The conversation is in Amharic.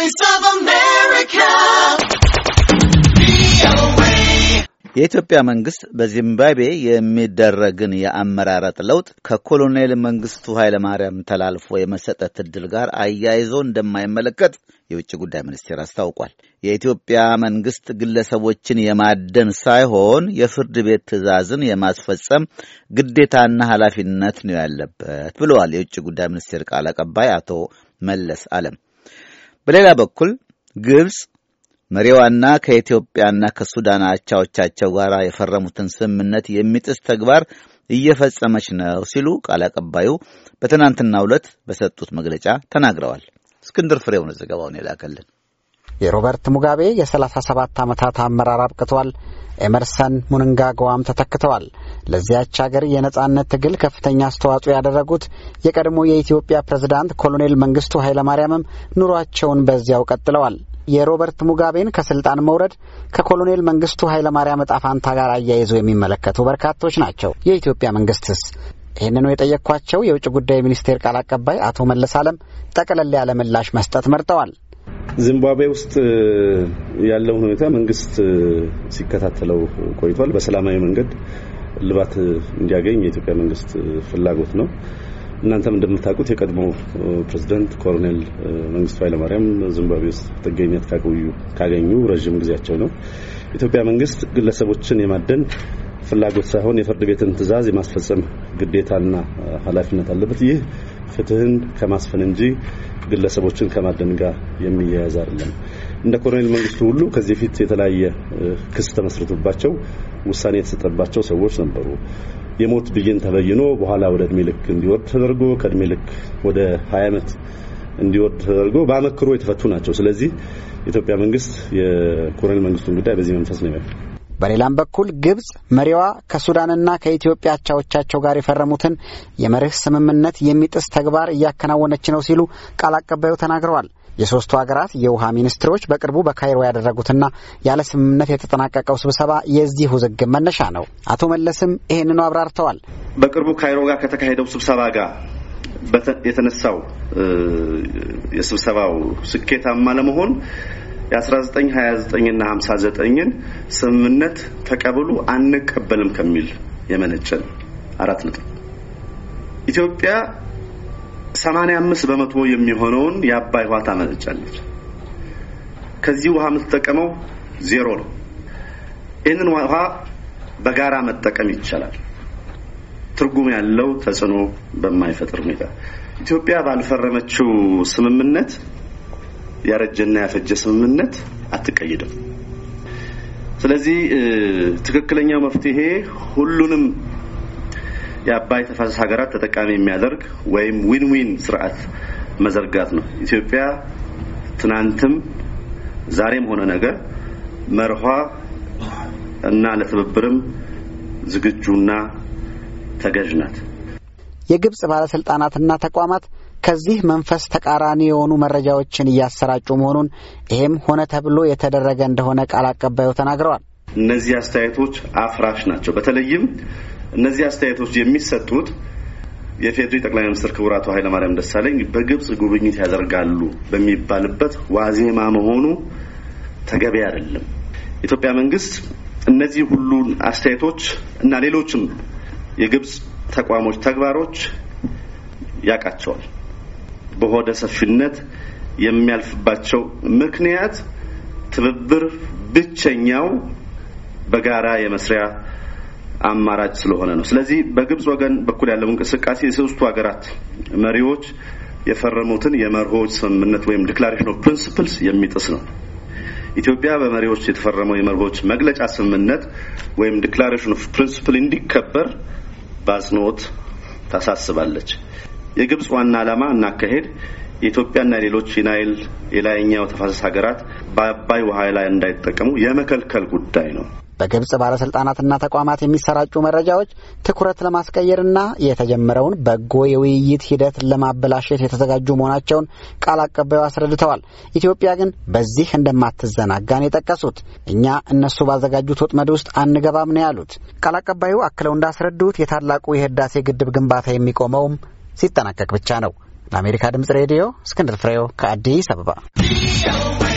Voice of America. የኢትዮጵያ መንግስት በዚምባብዌ የሚደረግን የአመራረጥ ለውጥ ከኮሎኔል መንግስቱ ኃይለማርያም ተላልፎ የመሰጠት እድል ጋር አያይዞ እንደማይመለከት የውጭ ጉዳይ ሚኒስቴር አስታውቋል። የኢትዮጵያ መንግስት ግለሰቦችን የማደን ሳይሆን የፍርድ ቤት ትዕዛዝን የማስፈጸም ግዴታና ኃላፊነት ነው ያለበት ብለዋል የውጭ ጉዳይ ሚኒስቴር ቃል አቀባይ አቶ መለስ አለም። በሌላ በኩል ግብፅ መሪዋና ከኢትዮጵያና ከሱዳን አቻዎቻቸው ጋር የፈረሙትን ስምምነት የሚጥስ ተግባር እየፈጸመች ነው ሲሉ ቃል አቀባዩ በትናንትናው ዕለት በሰጡት መግለጫ ተናግረዋል። እስክንድር ፍሬው ነው ዘገባውን የላከልን። የሮበርት ሙጋቤ የ37 ዓመታት አመራር አብቅቷል። ኤመርሰን ሙንንጋጓም ተተክተዋል። ለዚያች አገር የነጻነት ትግል ከፍተኛ አስተዋጽኦ ያደረጉት የቀድሞ የኢትዮጵያ ፕሬዝዳንት ኮሎኔል መንግስቱ ኃይለማርያምም ኑሯቸውን በዚያው ቀጥለዋል። የሮበርት ሙጋቤን ከስልጣን መውረድ ከኮሎኔል መንግስቱ ኃይለማርያም እጣ ፋንታ ጋር አያይዞ የሚመለከቱ በርካቶች ናቸው። የኢትዮጵያ መንግስትስ? ይህንኑ የጠየቅኳቸው የውጭ ጉዳይ ሚኒስቴር ቃል አቀባይ አቶ መለስ አለም ጠቅለል ያለ ምላሽ መስጠት መርጠዋል። ዚምባብዌ ውስጥ ያለውን ሁኔታ መንግስት ሲከታተለው ቆይቷል። በሰላማዊ መንገድ እልባት እንዲያገኝ የኢትዮጵያ መንግስት ፍላጎት ነው። እናንተም እንደምታውቁት የቀድሞ ፕሬዝዳንት ኮሎኔል መንግስቱ ኃይለማርያም ዚምባብዌ ውስጥ ጥገኝነት ካገኙ ረዥም ጊዜያቸው ነው። ኢትዮጵያ መንግስት ግለሰቦችን የማደን ፍላጎት ሳይሆን የፍርድ ቤትን ትዕዛዝ የማስፈጸም ግዴታና ኃላፊነት አለበት። ይህ ፍትህን ከማስፈን እንጂ ግለሰቦችን ከማደን ጋር የሚያያዝ አይደለም። እንደ ኮሎኔል መንግስቱ ሁሉ ከዚህ ፊት የተለያየ ክስ ተመስርቶባቸው ውሳኔ የተሰጠባቸው ሰዎች ነበሩ። የሞት ብይን ተበይኖ በኋላ ወደ እድሜ ልክ እንዲወርድ ተደርጎ ከእድሜ ልክ ወደ 20 ዓመት እንዲወርድ ተደርጎ በአመክሮ የተፈቱ ናቸው። ስለዚህ የኢትዮጵያ መንግስት የኮሎኔል መንግስቱን ጉዳይ በዚህ መንፈስ ነው በሌላም በኩል ግብጽ መሪዋ ከሱዳንና ከኢትዮጵያ አቻዎቻቸው ጋር የፈረሙትን የመርህ ስምምነት የሚጥስ ተግባር እያከናወነች ነው ሲሉ ቃል አቀባዩ ተናግረዋል። የሶስቱ ሀገራት የውሃ ሚኒስትሮች በቅርቡ በካይሮ ያደረጉትና ያለ ስምምነት የተጠናቀቀው ስብሰባ የዚህ ውዝግብ መነሻ ነው። አቶ መለስም ይህንኑ አብራርተዋል። በቅርቡ ካይሮ ጋር ከተካሄደው ስብሰባ ጋር የተነሳው የስብሰባው ስኬታማ ለመሆን የ1929ና 59ን ስምምነት ተቀብሉ አንቀበልም ከሚል የመነጨ አራት ነጥብ ኢትዮጵያ 85 በመቶ የሚሆነውን የአባይ ውሃ ታመነጫለች። ከዚህ ውሃ የምትጠቀመው ዜሮ ነው። ይህንን ውሃ በጋራ መጠቀም ይቻላል፣ ትርጉም ያለው ተጽዕኖ በማይፈጥር ሁኔታ ኢትዮጵያ ባልፈረመችው ስምምነት ያረጀና ያፈጀ ስምምነት አትቀይድም። ስለዚህ ትክክለኛው መፍትሄ ሁሉንም የአባይ ተፋሰስ ሀገራት ተጠቃሚ የሚያደርግ ወይም ዊን ዊን ስርዓት መዘርጋት ነው። ኢትዮጵያ ትናንትም ዛሬም ሆነ ነገር መርኋ እና ለትብብርም ዝግጁና ተገዥ ናት። የግብጽ ባለስልጣናትና ተቋማት ከዚህ መንፈስ ተቃራኒ የሆኑ መረጃዎችን እያሰራጩ መሆኑን ይህም ሆነ ተብሎ የተደረገ እንደሆነ ቃል አቀባዩ ተናግረዋል። እነዚህ አስተያየቶች አፍራሽ ናቸው። በተለይም እነዚህ አስተያየቶች የሚሰጡት የፌዴሪ ጠቅላይ ሚኒስትር ክቡር አቶ ኃይለማርያም ደሳለኝ በግብጽ ጉብኝት ያደርጋሉ በሚባልበት ዋዜማ መሆኑ ተገቢ አይደለም። የኢትዮጵያ መንግስት እነዚህ ሁሉ አስተያየቶች እና ሌሎችም የግብጽ ተቋሞች ተግባሮች ያውቃቸዋል። በሆደ ሰፊነት የሚያልፍባቸው ምክንያት ትብብር ብቸኛው በጋራ የመስሪያ አማራጭ ስለሆነ ነው። ስለዚህ በግብጽ ወገን በኩል ያለው እንቅስቃሴ የሶስቱ ሀገራት መሪዎች የፈረሙትን የመርሆች ስምምነት ወይም ዲክላሬሽን ኦፍ ፕሪንሲፕልስ የሚጥስ ነው። ኢትዮጵያ በመሪዎች የተፈረመው የመርሆች መግለጫ ስምምነት ወይም ዲክላሬሽን ኦፍ ፕሪንሲፕል እንዲከበር በአጽንኦት ታሳስባለች። የግብጽ ዋና ዓላማ እናካሄድ የኢትዮጵያና ሌሎች የናይል የላይኛው ተፋሰስ ሀገራት በአባይ ውሃ ላይ እንዳይጠቀሙ የመከልከል ጉዳይ ነው። በግብጽ ባለስልጣናትና ተቋማት የሚሰራጩ መረጃዎች ትኩረት ለማስቀየርና የተጀመረውን በጎ የውይይት ሂደት ለማበላሸት የተዘጋጁ መሆናቸውን ቃል አቀባዩ አስረድተዋል። ኢትዮጵያ ግን በዚህ እንደማትዘናጋን የጠቀሱት እኛ እነሱ ባዘጋጁት ወጥመድ ውስጥ አንገባም ነው ያሉት። ቃል አቀባዩ አክለው እንዳስረዱት የታላቁ የህዳሴ ግድብ ግንባታ የሚቆመውም ሲጠናቀቅ ብቻ ነው። ለአሜሪካ ድምጽ ሬዲዮ እስክንድር ፍሬው ከአዲስ አበባ